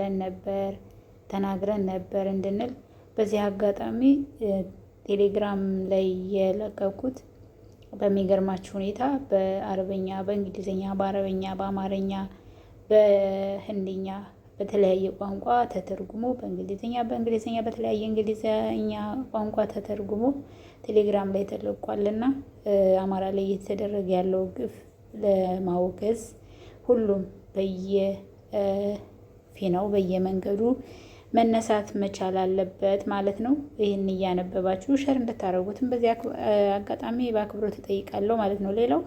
ብለን ነበር ተናግረን ነበር እንድንል በዚህ አጋጣሚ ቴሌግራም ላይ የለቀኩት በሚገርማችሁ ሁኔታ በአረበኛ፣ በእንግሊዝኛ፣ በአረበኛ፣ በአማርኛ፣ በህንድኛ በተለያየ ቋንቋ ተተርጉሞ በእንግሊዝኛ በእንግሊዝኛ በተለያየ እንግሊዝኛ ቋንቋ ተተርጉሞ ቴሌግራም ላይ ተለቋልና አማራ ላይ እየተደረገ ያለው ግፍ ለማውገዝ ሁሉም በየ ነው። በየመንገዱ መነሳት መቻል አለበት ማለት ነው። ይህን እያነበባችሁ ሸር እንድታደርጉትም በዚህ አጋጣሚ በአክብሮት እጠይቃለሁ ማለት ነው። ሌላው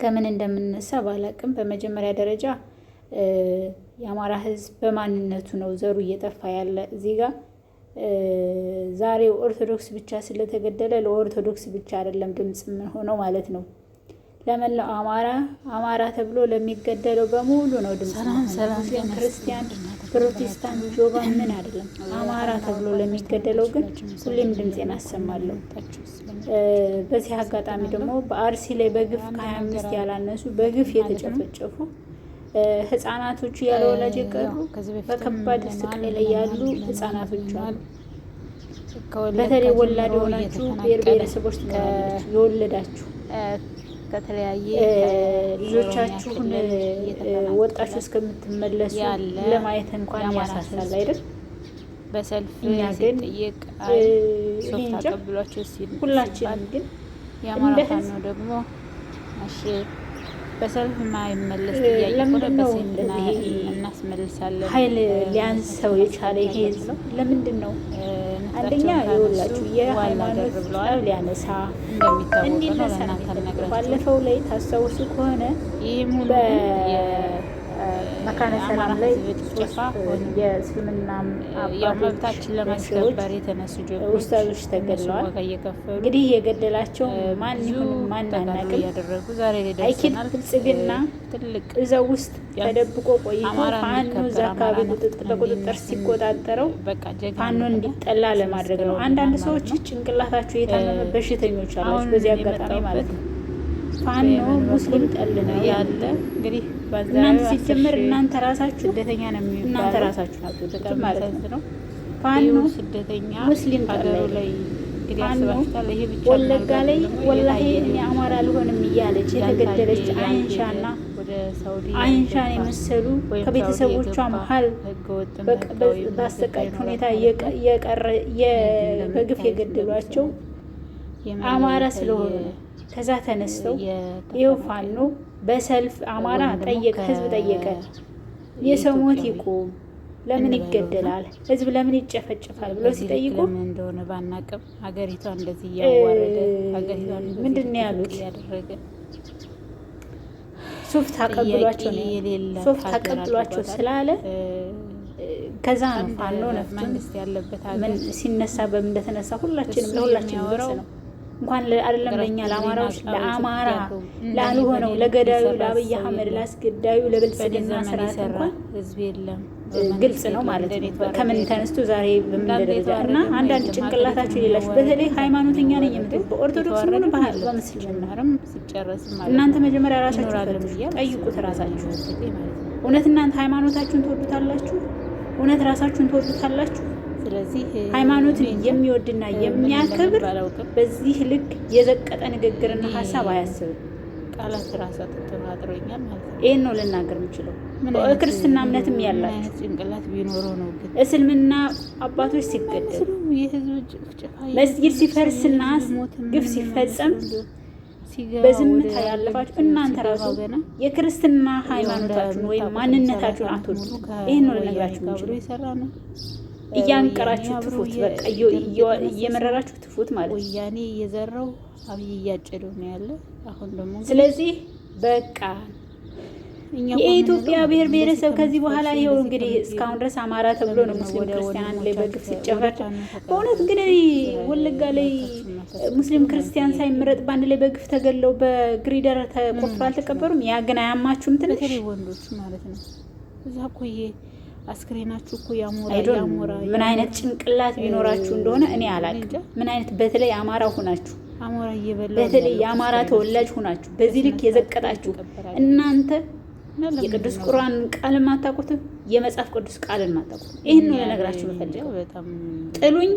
ከምን እንደምንነሳ ባላቅም፣ በመጀመሪያ ደረጃ የአማራ ሕዝብ በማንነቱ ነው ዘሩ እየጠፋ ያለ እዚህ ጋር ዛሬው ኦርቶዶክስ ብቻ ስለተገደለ ለኦርቶዶክስ ብቻ አይደለም ድምፅ ሆነው ማለት ነው። ለመላው አማራ አማራ ተብሎ ለሚገደለው በሙሉ ነው ድምጽ። ሙስሊም፣ ክርስቲያን፣ ፕሮቴስታንት ጆባ ምን አይደለም። አማራ ተብሎ ለሚገደለው ግን ሁሌም ድምፄን አሰማለሁ። በዚህ አጋጣሚ ደግሞ በአርሲ ላይ በግፍ ከሀያ አምስት ያላነሱ በግፍ የተጨፈጨፉ ህጻናቶቹ ያለ ወላጅ የቀሩ በከባድ ስቃይ ላይ ያሉ ህጻናቶች አሉ። በተለይ ወላድ የሆናችሁ ብሔር ብሔረሰቦች የወለዳችሁ ከተለያየ ልጆቻችሁን ወጣችሁ እስከምትመለሱ ለማየት እንኳን ያሳሳል አይደል? በሰልፍ ሲጠየቅ ግን አቀብሏቸው ሲል ሁላችንም ግን የአማራ ፋኖ ደግሞ እሺ በሰልፍ ማይመለስ ጥያቄ እናስመልሳለን። ኃይል ሊያንስ ሰው የቻለ ይሄ ነው። ለምንድን ነው አንደኛ የወላችሁ የሃይማኖት ብለዋል ሊያነሳ እንደሚታወቀ ነው ባለፈው ላይ ታስታውሱ ከሆነ መካነ ሰላም ላይ የእስልምና መብታችን ለማስከበር የተነሱ ውስታዞች ተገድለዋል። እንግዲህ የገደላቸው ማን ይሁን ማን አናውቅም። አይኪድ ብልጽግና እዛ ውስጥ ተደብቆ ቆይቶ ፋኖ እዛ አካባቢ በቁጥጥር ሲቆጣጠረው ፋኖ እንዲጠላ ለማድረግ ነው። አንዳንድ ሰዎች ጭንቅላታቸው የታመመ በሽተኞች አሏቸው። በዚህ አጋጣሚ ማለት ነው ፋኖ ሙስሊም ጠል ነው ያለ። እንግዲህ እናንተ ሲጀምር እናንተ ራሳችሁ ስደተኛ ነው የሚባለው እናንተ ራሳችሁ ናችሁ። በጣም ማለት ነው ፋኖ ስደተኛ ሙስሊም ጠል ላይ ወለጋ ላይ ወላሂ እኔ አማራ አልሆንም እያለች የተገደለች አይንሻና አይንሻን የመሰሉ ከቤተሰቦቿ መሀል በአሰቃቂ ሁኔታ በግፍ የገደሏቸው አማራ ስለሆኑ ከዛ ተነስተው ይኸው ፋኖ በሰልፍ አማራ ጠየቀ፣ ህዝብ ጠየቀ። የሰው ሞት ይቁም፣ ለምን ይገደላል፣ ህዝብ ለምን ይጨፈጭፋል ብሎ ሲጠይቁ እንደሆነ ባናቅም ሀገሪቷ እንደዚህ እያዋረደ ምንድን ነው ያሉት? ሶፍት አቀብሏቸው ሶፍት ታቀብሏቸው ስላለ ከዛ ነው ፋኖ ነፍቱን ሲነሳ በምን እንደተነሳ ሁላችንም ለሁላችን ግልጽ ነው። እንኳን አይደለም ለእኛ ለአማራዎች ለአማራ ላልሆነው ለገዳዩ ለአብይ አህመድ ለአስገዳዩ ለብልጽግና ስርዓት እንኳን ግልጽ ነው ማለት ነው። ከምን ተነስቶ ዛሬ በምን ደረጃ እና አንዳንድ ጭንቅላታችሁ የሌላችሁ በተለይ ሃይማኖተኛ ነኝ የምትል በኦርቶዶክስ ሆኑ ባህል በምስልናርም እናንተ መጀመሪያ ራሳችሁ ጠይቁት። ራሳችሁ እውነት እናንተ ሃይማኖታችሁን ትወዱታላችሁ? እውነት ራሳችሁን ትወዱታላችሁ? ሃይማኖትን የሚወድና የሚያከብር በዚህ ልክ የዘቀጠ ንግግርና ሀሳብ አያስብም። ቃላት ራሳ ተጠራጥሮኛል ማለት ነው። ይህን ነው ልናገር የምችለው። ክርስትና እምነትም ያላችሁ ጭንቅላት ቢኖረው ነው። ግን እስልምና አባቶች ሲገደል፣ መስጊድ ሲፈርስና ግፍ ሲፈጸም በዝምታ ያለፋችሁ እናንተ ራሱ የክርስትና ሃይማኖታችሁን ወይም ማንነታችሁን አትወዱ። ይህን ነው ልነግራችሁ የምችለው። እያንቀራችሁ ትፉት፣ በቃ እየመረራችሁ ትፉት ማለት ነው። ወያኔ እየዘራው አብይ እያጨደው ነው ያለ። አሁን ደግሞ ስለዚህ በቃ የኢትዮጵያ ብሔር ብሔረሰብ ከዚህ በኋላ ይኸው እንግዲህ እስካሁን ድረስ አማራ ተብሎ ነው ሙስሊም ክርስቲያን ላይ በግፍ ሲጨፈር። በእውነት ግን ወለጋ ላይ ሙስሊም ክርስቲያን ሳይመረጥ በአንድ ላይ በግፍ ተገለው በግሪደር ተቆፍሮ አልተቀበሩም። ያ ግን አያማችሁም? ትንሽ ወንዶች ማለት ነው እዛ ኮዬ አስክሬናችሁ እኮ ያሞራ ምን አይነት ጭንቅላት ቢኖራችሁ እንደሆነ እኔ አላቅም። ምን አይነት በተለይ አማራ ሁናችሁ በተለይ የአማራ ተወላጅ ሁናችሁ በዚህ ልክ የዘቀጣችሁ እናንተ የቅዱስ ቁርአን ቃል ማታውቁትም፣ የመጽሐፍ ቅዱስ ቃልን ማታውቁትም። ይህን ነው ልነግራችሁ የምፈልገው። ጥሉኝ፣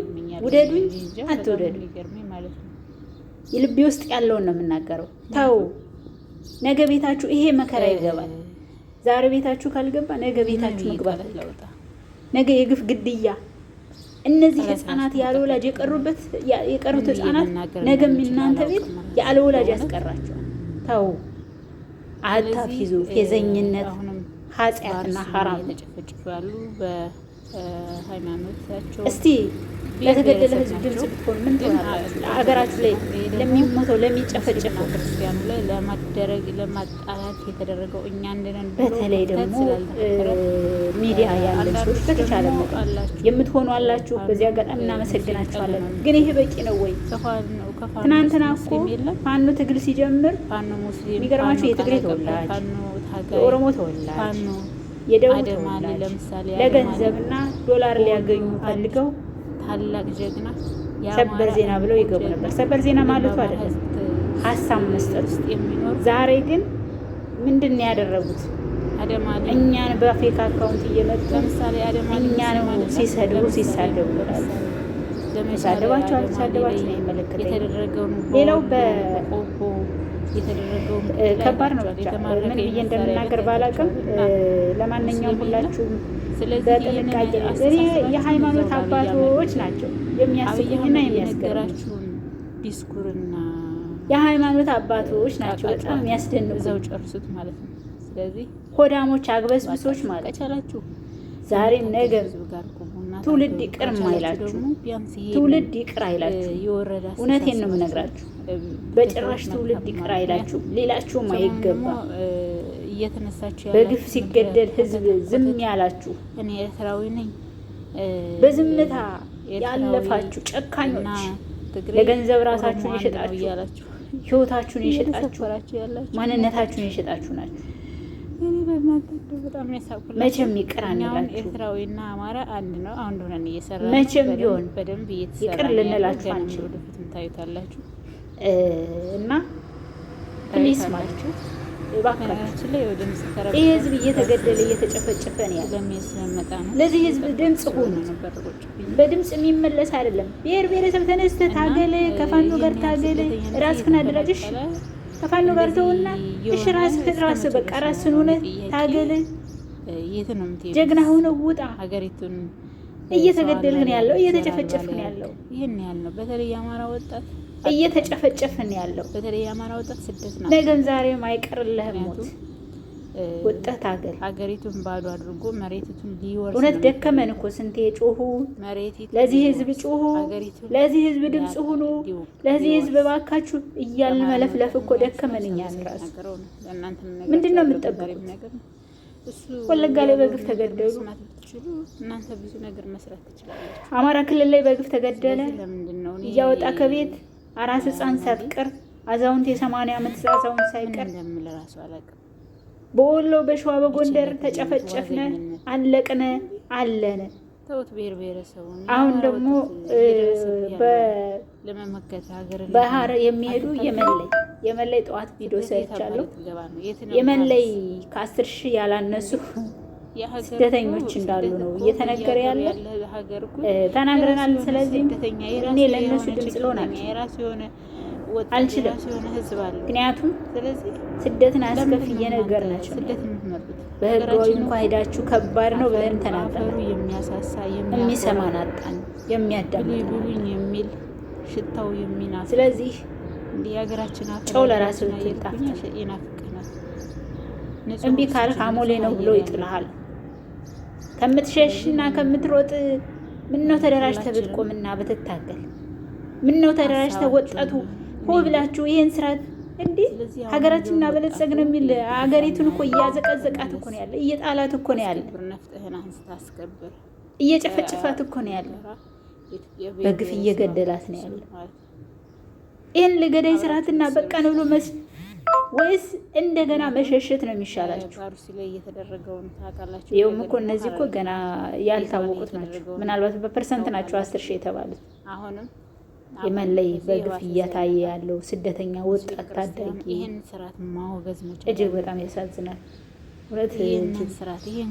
ውደዱኝ፣ አትውደዱኝ፣ ልቤ ውስጥ ያለውን ነው የምናገረው። ተው ነገ ቤታችሁ ይሄ መከራ ይገባል። ዛሬ ቤታችሁ ካልገባ ነገ ቤታችሁ መግባት አለወጣ ነገ የግፍ ግድያ እነዚህ ህጻናት ያለ ወላጅ የቀሩበት የቀሩት ህጻናት ነገም እናንተ ቤት ያለ ወላጅ ያስቀራቸዋል። ተው አታፊዙ። የዘኝነት ኃጢአትና ሀራም ጭፍጭፍ ያሉ ሃይማኖታቸው እስቲ ለተገደለ ህዝብ ድምጽ ብትሆን ምን ላይ ለሚሞተው ለሚጨፈጨፈው ክርስቲያኑ ላይ ለማደረግ ለማጣላት የተደረገው እኛ እንደነን። በተለይ ደግሞ ሚዲያ ያለ ሰዎች በተቻለ የምትሆኑ አላችሁ። በዚህ አጋጣሚ ግን ይሄ በቂ ነው ወይ? ትናንትና እኮ ፋኖ ትግል ሲጀምር የሚገርማችሁ የትግሬ ተወላጅ የኦሮሞ ተወላጅ የደቡብ ለምሳሌ ለገንዘብና ዶላር ሊያገኙ ፈልገው ታላቅ ጀግና ሰበር ዜና ብለው ይገቡ ነበር። ሰበር ዜና ማለቱ አይደለም፣ ሀሳብ መስጠት ውስጥ የሚኖር ዛሬ ግን ምንድን ነው ያደረጉት? እኛን በአፍሪካ አካውንት እየመጡ እኛ ነው ሲሰድቡ ሲሳደቡ ይላሉ። ሳደባቸው አልተሳደባቸው ነው የሚመለከተኝ። ሌላው በ ከባድ ነው። ብቻ ምን ብዬ እንደምናገር ባላውቅም፣ ለማንኛውም ሁላችሁም በጥንቃቄ እኔ የሃይማኖት አባቶች ናቸው የሚያስቡኝና የሚያስገራችሁ ዲስኩርና የሃይማኖት አባቶች ናቸው በጣም የሚያስደንቁ ጨርሱት ማለት ነው። ስለዚህ ሆዳሞች አግበስብሶች ማለት ዛሬም ትውልድ ይቅር አይላችሁ፣ ትውልድ ይቅር አይላችሁ። እውነቴን ነው የምነግራችሁ። በጭራሽ ትውልድ ይቅር አይላችሁ፣ ሌላችሁም አይገባ። በግፍ ሲገደል ህዝብ ዝም ያላችሁ፣ በዝምታ ያለፋችሁ ጨካኞች፣ ለገንዘብ ራሳችሁን የሸጣችሁ፣ ህይወታችሁን የሸጣችሁ፣ ማንነታችሁን የሸጣችሁ ናችሁ። መቼም ይቅር አንላችሁ። ኤርትራዊና አማራ አንድ ነው። አሁን ሆነን እየሰራ መቼም ቢሆን በደንብ ይቅር ልንላችሁ አንችል ታዩታላችሁ። እና ፕሊስ ማለችሁ ይህ ህዝብ እየተገደለ እየተጨፈጨፈ ነው ለዚህ ህዝብ ድምፅ ሁኑ። በድምፅ የሚመለስ አይደለም። ብሔር ብሔረሰብ ተነስተ ታገለ፣ ከፋኖ ጋር ታገለ፣ ራስክን አደራጅሽ ከፋኖ ጋር ተውና፣ እሺ ራስህ ራስህ በቃ ራስህን ሆነህ ታገል። ጀግና ሆነ ውጣ። ሀገሪቱን እየተገደልን ያለው፣ እየተጨፈጨፍን ያለው። ይህን ያህል ነው። በተለይ አማራ ወጣት እየተጨፈጨፍን ያለው በተለይ አማራ ወጣት ስደት ነው። ነገም ዛሬም አይቀርልህም ሞት ወጣት ሀገር ሀገሪቱን ባዶ አድርጎ መሬቲቱን ሊወርስ እውነት ደከመን እኮ ስንቴ ጮሁ። ለዚህ ህዝብ ጮሁ፣ ለዚህ ህዝብ ድምፅ ሁኑ፣ ለዚህ ህዝብ ባካችሁ እያልን መለፍለፍ እኮ ደከመን። እኛን ራሱ ምንድን ነው የምንጠብቁት? ወለጋ ላይ በግፍ ተገደሉ። እናንተ ብዙ ነገር መስራት ትችላላችሁ። አማራ ክልል ላይ በግፍ ተገደለ እያወጣ ከቤት አራስ ህፃን ሳትቀር አዛውንት የሰማንያ ዓመት አዛውንት ሳይቀር በወሎ በሸዋ በጎንደር ተጨፈጨፍነ፣ አለቅነ፣ አለነ። አሁን ደግሞ በሀረ የሚሄዱ የመለይ የመለይ ጠዋት ቪዲዮ ሰርቻለሁ። የመለይ ከአስር ሺህ ያላነሱ ስደተኞች እንዳሉ ነው እየተነገረ ያለ ተናግረናል። ስለዚህ እኔ ለእነሱ ድምፅ ልሆናቸው አልችልም። ምክንያቱም ስደትን አስከፍዬ ነገር ናቸው። በህጋዊ እንኳ ሄዳችሁ ከባድ ነው ብለን ተናግረናል። የሚሰማን አጣን፣ የሚያዳምጥ የሚል ሽታው የሚናፍ ስለዚህ ጨው ለራስ እምቢ ካልህ አሞሌ ነው ብሎ ይጥልሃል። ከምትሸሽና ከምትሮጥ ምነው ተደራጅተህ ብትቆምና ብትታገል ምነው ተደራጅተህ ወጣቱ ሆ ብላችሁ ይህን ስራ እንዴ ሀገራችን እናበለጸግ ነው የሚል ሀገሪቱን እኮ እያዘቀዘቃት እኮ ነው ያለ፣ እየጣላት እኮ ነው ያለ፣ እየጨፈጨፋት እኮ ነው ያለ፣ በግፍ እየገደላት ነው ያለ። ይህን ለገዳይ ስርዓትና በቃ ነው ብሎ መስ ወይስ እንደገና መሸሸት ነው የሚሻላችሁ? ይኸውም እኮ እነዚህ እኮ ገና ያልታወቁት ናቸው። ምናልባት በፐርሰንት ናቸው አስር ሺህ የተባሉት የመለይ በግፍ እያታየ ያለው ስደተኛ ወጣት ታዳጊ እጅግ በጣም ያሳዝናል።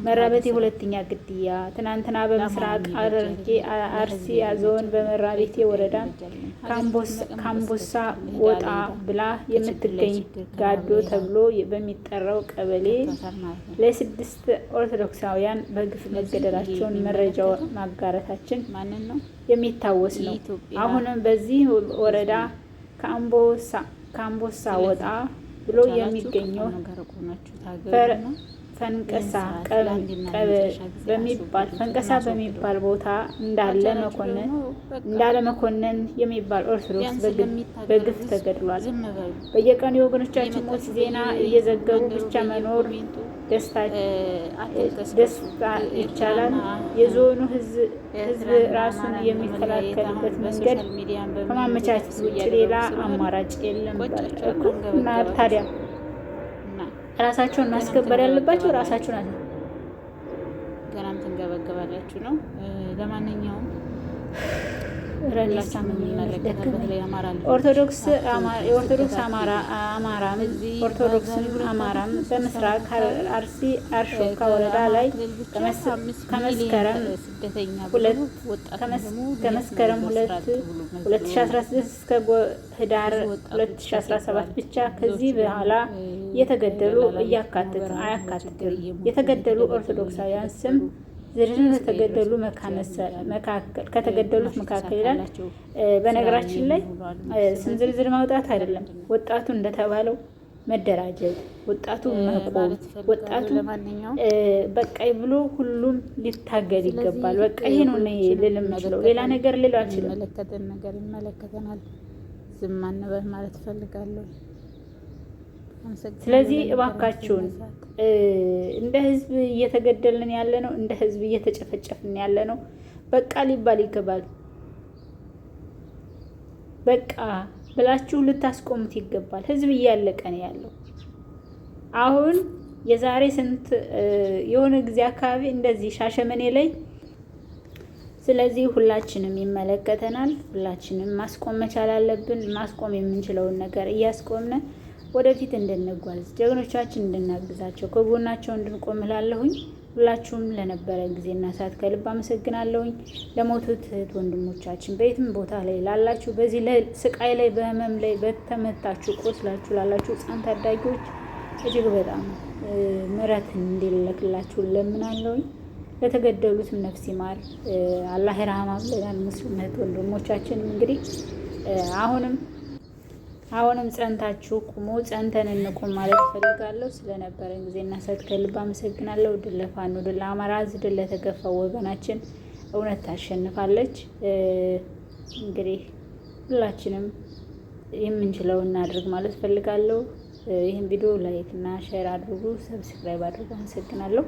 መራቤቴ ሁለተኛ ግድያ ትናንትና በምስራቅ ሐረርጌ አርሲ ዞን በመራቤቴ ወረዳ ካምቦሳ ወጣ ብላ የምትገኝ ጋዶ ተብሎ በሚጠራው ቀበሌ ለስድስት ኦርቶዶክሳውያን በግፍ መገደላቸውን መረጃ ማጋረታችን የሚታወስ ነው። አሁንም በዚህ ወረዳ ካምቦሳ ወጣ ብሎ የሚገኘው ፈንቀሳ በሚባል ፈንቀሳ በሚባል ቦታ እንዳለ መኮንን እንዳለ መኮንን የሚባል ኦርቶዶክስ በግፍ ተገድሏል። በየቀኑ የወገኖቻችን ሞት ዜና እየዘገቡ ብቻ መኖር ደስታ ይቻላል። የዞኑ ህዝብ ራሱን የሚከላከልበት መንገድ ከማመቻቸት ውጭ ሌላ አማራጭ የለም። እና ታዲያ ራሳቸውን ማስከበር ያለባቸው ራሳቸው ናቸው። ገናም ትንገበገባላችሁ ነው። ለማንኛውም ኦርቶዶክስ አማራም በምስራቅ አርሲ አርሾካ ወረዳ ላይ ከመስከረም ከመስከረም ስድስት እስከ ህዳር ሰባት ብቻ ከዚህ በኋላ የተገደሉ እያካትትም አያካትትም የተገደሉ ኦርቶዶክሳውያን ስም ዝርዝር ከተገደሉ መካከል ከተገደሉት መካከል ይላል። በነገራችን ላይ ስም ዝርዝር ማውጣት አይደለም። ወጣቱ እንደተባለው መደራጀት፣ ወጣቱ መቆም፣ ወጣቱ በቃይ ብሎ ሁሉም ሊታገል ይገባል። በቃ ይሄ ነው ልል የምችለው ሌላ ነገር ልል አልችልም። ዝም አንበል ማለት እፈልጋለሁ። ስለዚህ እባካችሁን እንደ ህዝብ እየተገደልን ያለ ነው፣ እንደ ህዝብ እየተጨፈጨፍን ያለ ነው። በቃ ሊባል ይገባል። በቃ ብላችሁ ልታስቆሙት ይገባል። ህዝብ እያለቀ ነው ያለው። አሁን የዛሬ ስንት የሆነ ጊዜ አካባቢ እንደዚህ ሻሸመኔ ላይ ስለዚህ ሁላችንም ይመለከተናል። ሁላችንም ማስቆም መቻል አለብን። ማስቆም የምንችለውን ነገር እያስቆምነ ወደፊት እንድንጓዝ ጀግኖቻችን እንድናግዛቸው ከጎናቸው እንድንቆም እላለሁኝ። ሁላችሁም ለነበረ ጊዜና ሰዓት ከልብ አመሰግናለሁኝ። ለሞቱት እህት ወንድሞቻችን በየትም ቦታ ላይ ላላችሁ፣ በዚህ ስቃይ ላይ በህመም ላይ በተመታችሁ፣ ቆስላችሁ ላላችሁ ህፃን ታዳጊዎች እጅግ በጣም ምረት እንዲለክላችሁ ለምናለሁኝ። ለተገደሉትም ነፍስ ይማር አላህ ይርሃማ ብለናል። ሙስሊም እህት ወንድሞቻችንም እንግዲህ አሁንም አሁንም ጸንታችሁ ቁሙ፣ ጸንተን እንቁም ማለት እፈልጋለሁ። ስለነበረን ጊዜና ሰዓት ከልብ አመሰግናለሁ። ድል ለፋኖ፣ ድል ለአማራ ድል ለተገፋው ወገናችን። እውነት ታሸንፋለች። እንግዲህ ሁላችንም የምንችለው እናድርግ ማለት እፈልጋለሁ። ይህን ቪዲዮ ላይክ እና ሼር አድርጉ፣ ሰብስክራይብ አድርጉ። አመሰግናለሁ።